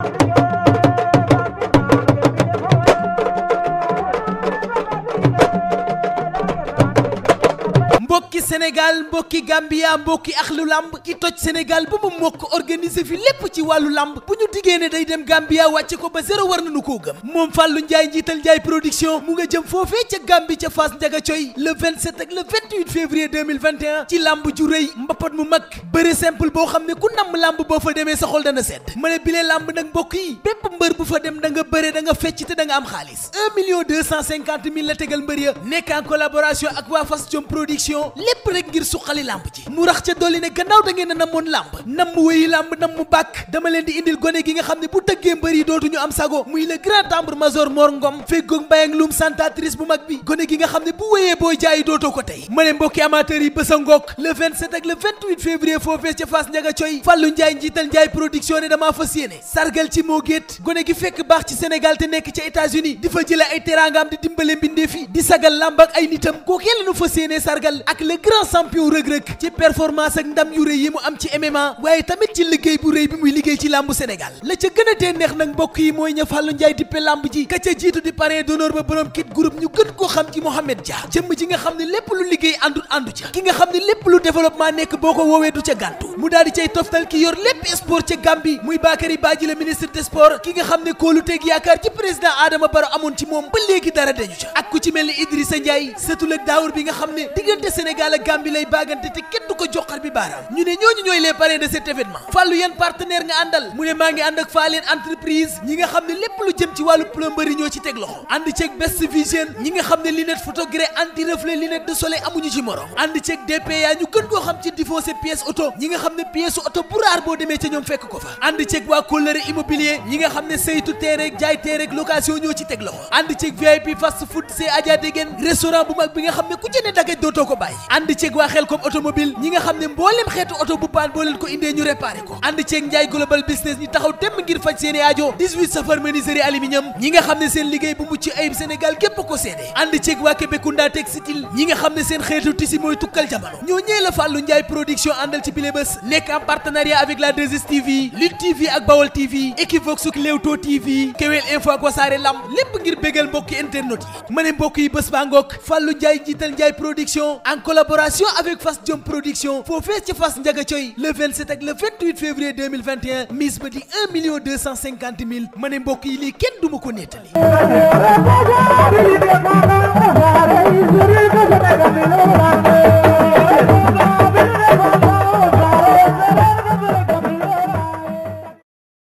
Thank you. mbokki Sénégal mbokki Gambia mbokki axlu làmb ki toj Sénégal ba mu mokk organiser fi lépp ci wàllu lamb bu ñu diggee ne day dem Gambia wàcce ko ba zéro war nañu koo gëm moom Fallou Ndiaye njiital Ndiaye production mu nga jëm foofee ca Gambie ca Fass Ndiaga Coy le 27 ak vingt 28 février 2021 ci lamb ju rëy mbapat mu mag bëre simple boo xam ne ku namm làmb boo fa demee sa xol dana sedd ma ne bile lamb nag mbokk yi bépp mbër bu fa dem da nga bëre da nga fecc da nga am xaalis 1 million 250 mille la tegal mbër ya nekk en collaboration ak waa Fass Jom production ko lépp rek ngir suqali làmb ji mu rax ca dolli ne gannaaw da ngeen a namoon làmb nam mu wéyi làmb nam mu bàkk dama leen di indil gone gi nga xam ne bu tëggee mbër yi dootuñu am sago muy le grand tambour major Mor Ngom feggoog mbayang lum santatrice bu mag bi gone gi nga xam ne bu wéyee booy jaayi dootoo ko tey ma ne mbokki amateurs yi bés a ngook le 27 ak le 28 février foofee ca Fass Ndiaga Coy Fallou Ndiaye njiital Ndiaye production ne damaa ci moo géet gone nekk ca États-Unis di fa jële ay teraangaam di dimbale mbindee fi sagal làmb ak ay nitam kookee lanu fas yéene sargal ak le grand champion rëg-rëg ci performance ak ndam yu rëy yi mu am ci MMA waaye tamit ci liggéey bu rëy bi muy liggéey ci làmbu Sénégal la ca gën neex nag mbokk yi mooy ña Fallou Ndiaye dippe làmb ji ka ca jiitu di parrain d'honneur ba borom kit groupe ñu gën koo xam ci Mohamed Dia jëmm ji nga xam ne lépp lu liggéey àndut àndu ca ki nga xam ne lépp lu développement nekk boo ko woowee du ca gàntu mu daal di cay toftal ki yor lépp sport ca Gambie muy Bakary nga xam ne kóolu teeg yaakaar ci président Adama Barrow amoon ci moom ba léegi dara dañu mel ni Idrissa Ndiaye sëtu la daawur nga xam ne Sénégal a Gambie lay baagante te kenn du ko joxar bi baaraam ñu ne ñooñu ñooy les parrains de cet événement fàllu yeen partenaire nga àndal mu ne maa ngi ànd ak faaleen entreprise ñi nga xam ne lépp lu jëm ci wàllu plomberie ñoo ci teg loxo ànd ceeg Best Vision ñi nga xam ne lunette photogré anti reflet lunette de soleil amuñu ci morom ànd ceeg DPA ñu gën koo xam ci défoncé pièce auto ñi nga xam ne pièce auto bu raar boo demee ca ñoom fekk ko fa ànd ceeg waa Colère immobilier ñi nga xam ne saytu terrain jaay ñoo ci teg loxo ànd ceeg VIP fast food c'est Adja ko bàyyi ànd ceeg waa Xelcom automobile ñi nga xam ne mboolem xeetu oto bu paan boo ko indee ñu réparé ko ànd ceeg Njaay global business ñu taxaw temm ngir faj seeni aajo 18 safar menuiserie aluminium ñi nga xam ne seen liggéey bu mucc ayib Sénégal gépp ko seede ànd ceeg waa Kébécounda textile ñi nga xam ne seen xeetu tisi mooy tukkal jamono ñoo ñëe la Fallou Njaay production àndal ci bile bés nekk en partenariat avec la 2STV Lutte TV ak Bawol TV Equivox ak Leewtoo TV Kewel Info ak Wassare Lamb lépp ngir bégal mbokki internet ma ne mbokk yi bés baa ngoog Fallou Njaay jiital Njaay production collaboration avec Fass Jom production foofee ci Fass Ndiaga Thioy le 27 ak le 28 février 2021 ba di 1 million ma ne mbokk yi lii kenn du ma ko nettali